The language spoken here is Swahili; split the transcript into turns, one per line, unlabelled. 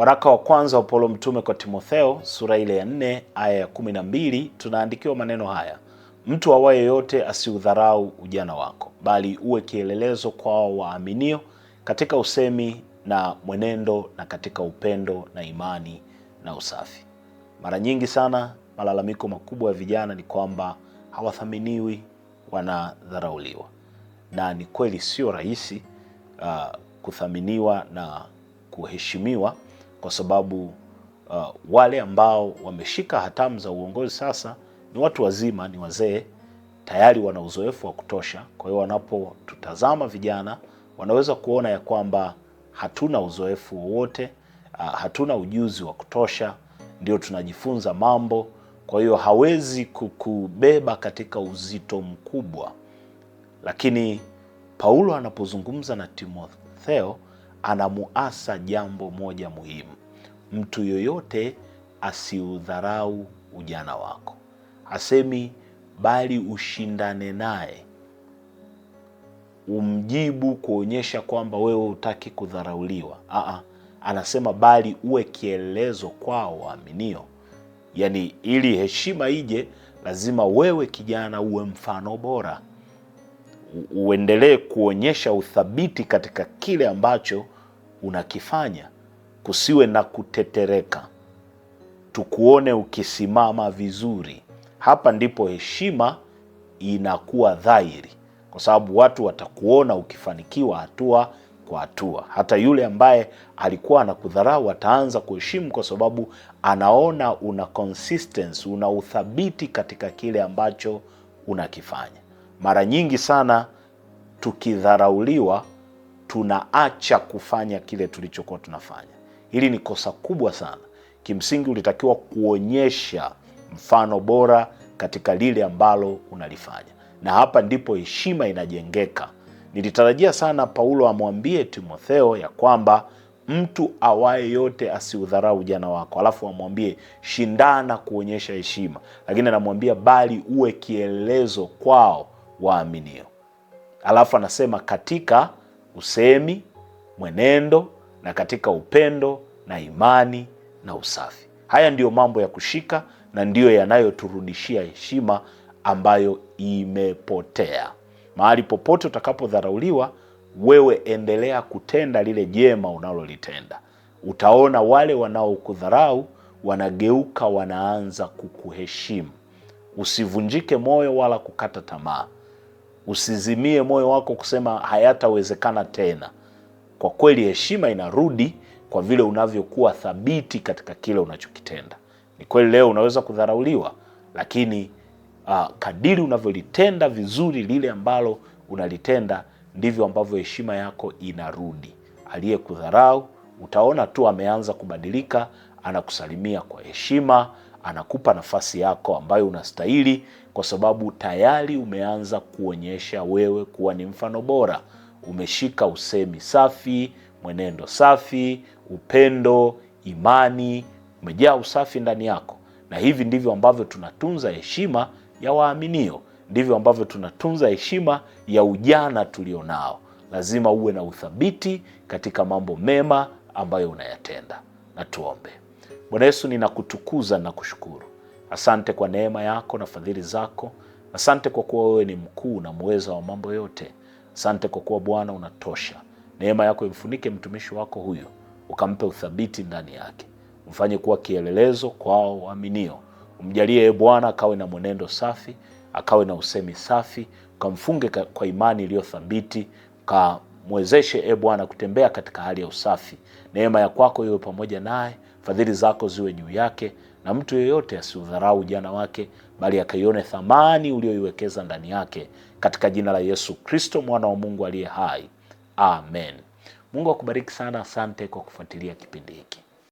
Waraka wa kwanza wa Paulo mtume kwa Timotheo sura ile ya 4 aya ya 12 tunaandikiwa maneno haya: mtu awaye yote asiudharau ujana wako, bali uwe kielelezo kwao waaminio katika usemi na mwenendo na katika upendo na imani na usafi. Mara nyingi sana malalamiko makubwa ya vijana ni kwamba hawathaminiwi, wanadharauliwa, na ni kweli sio rahisi uh, kuthaminiwa na kuheshimiwa kwa sababu uh, wale ambao wameshika hatamu za uongozi sasa ni watu wazima, ni wazee tayari, wana uzoefu wa kutosha. Kwa hiyo wanapotutazama vijana wanaweza kuona ya kwamba hatuna uzoefu wowote, uh, hatuna ujuzi wa kutosha, ndio tunajifunza mambo. Kwa hiyo hawezi kukubeba katika uzito mkubwa, lakini Paulo anapozungumza na Timotheo anamuasa jambo moja muhimu: mtu yoyote asiudharau ujana wako. Asemi bali ushindane naye, umjibu kuonyesha kwamba wewe hutaki kudharauliwa. Aa, anasema bali uwe kielelezo kwao waaminio. Yaani, ili heshima ije, lazima wewe kijana uwe mfano bora, uendelee kuonyesha uthabiti katika kile ambacho unakifanya, kusiwe na kutetereka, tukuone ukisimama vizuri. Hapa ndipo heshima inakuwa dhahiri, kwa sababu watu watakuona ukifanikiwa hatua kwa hatua. Hata yule ambaye alikuwa anakudharau ataanza kuheshimu, kwa sababu anaona una consistency, una uthabiti katika kile ambacho unakifanya. Mara nyingi sana tukidharauliwa tunaacha kufanya kile tulichokuwa tunafanya. Hili ni kosa kubwa sana. Kimsingi ulitakiwa kuonyesha mfano bora katika lile ambalo unalifanya, na hapa ndipo heshima inajengeka. Nilitarajia sana Paulo amwambie Timotheo ya kwamba mtu awaye yote asiudharau ujana wako, alafu amwambie shindana kuonyesha heshima, lakini anamwambia bali uwe kielelezo kwao waaminio, alafu anasema katika usemi, mwenendo na katika upendo na imani na usafi. Haya ndiyo mambo ya kushika na ndiyo yanayoturudishia heshima ambayo imepotea. Mahali popote utakapodharauliwa, wewe endelea kutenda lile jema unalolitenda. Utaona wale wanaokudharau wanageuka, wanaanza kukuheshimu. Usivunjike moyo wala kukata tamaa. Usizimie moyo wako kusema hayatawezekana tena. Kwa kweli, heshima inarudi kwa vile unavyokuwa thabiti katika kile unachokitenda. Ni kweli leo unaweza kudharauliwa, lakini uh, kadiri unavyolitenda vizuri lile ambalo unalitenda ndivyo ambavyo heshima yako inarudi. Aliyekudharau utaona tu ameanza kubadilika, anakusalimia kwa heshima anakupa nafasi yako ambayo unastahili, kwa sababu tayari umeanza kuonyesha wewe kuwa ni mfano bora. Umeshika usemi safi, mwenendo safi, upendo, imani, umejaa usafi ndani yako, na hivi ndivyo ambavyo tunatunza heshima ya waaminio, ndivyo ambavyo tunatunza heshima ya ujana tulionao. Lazima uwe na uthabiti katika mambo mema ambayo unayatenda. Na tuombe. Bwana Yesu, ninakutukuza na kushukuru. Asante kwa neema yako na fadhili zako. Asante kwa kuwa wewe ni mkuu na mweza wa mambo yote. Asante kwa kuwa Bwana unatosha. Neema yako imfunike mtumishi wako huyu, ukampe uthabiti ndani yake, mfanye kuwa kielelezo kwao waaminio. Umjalie e Bwana akawe na mwenendo safi, akawe na usemi safi, ukamfunge kwa imani iliyothabiti thabiti, Mwezeshe e Bwana kutembea katika hali ya usafi. Neema ya kwako iwe pamoja naye, fadhili zako ziwe juu yake, na mtu yeyote asiudharau ujana wake, bali akaione thamani uliyoiwekeza ndani yake, katika jina la Yesu Kristo, mwana wa Mungu aliye hai, amen. Mungu akubariki sana. Asante kwa kufuatilia kipindi hiki.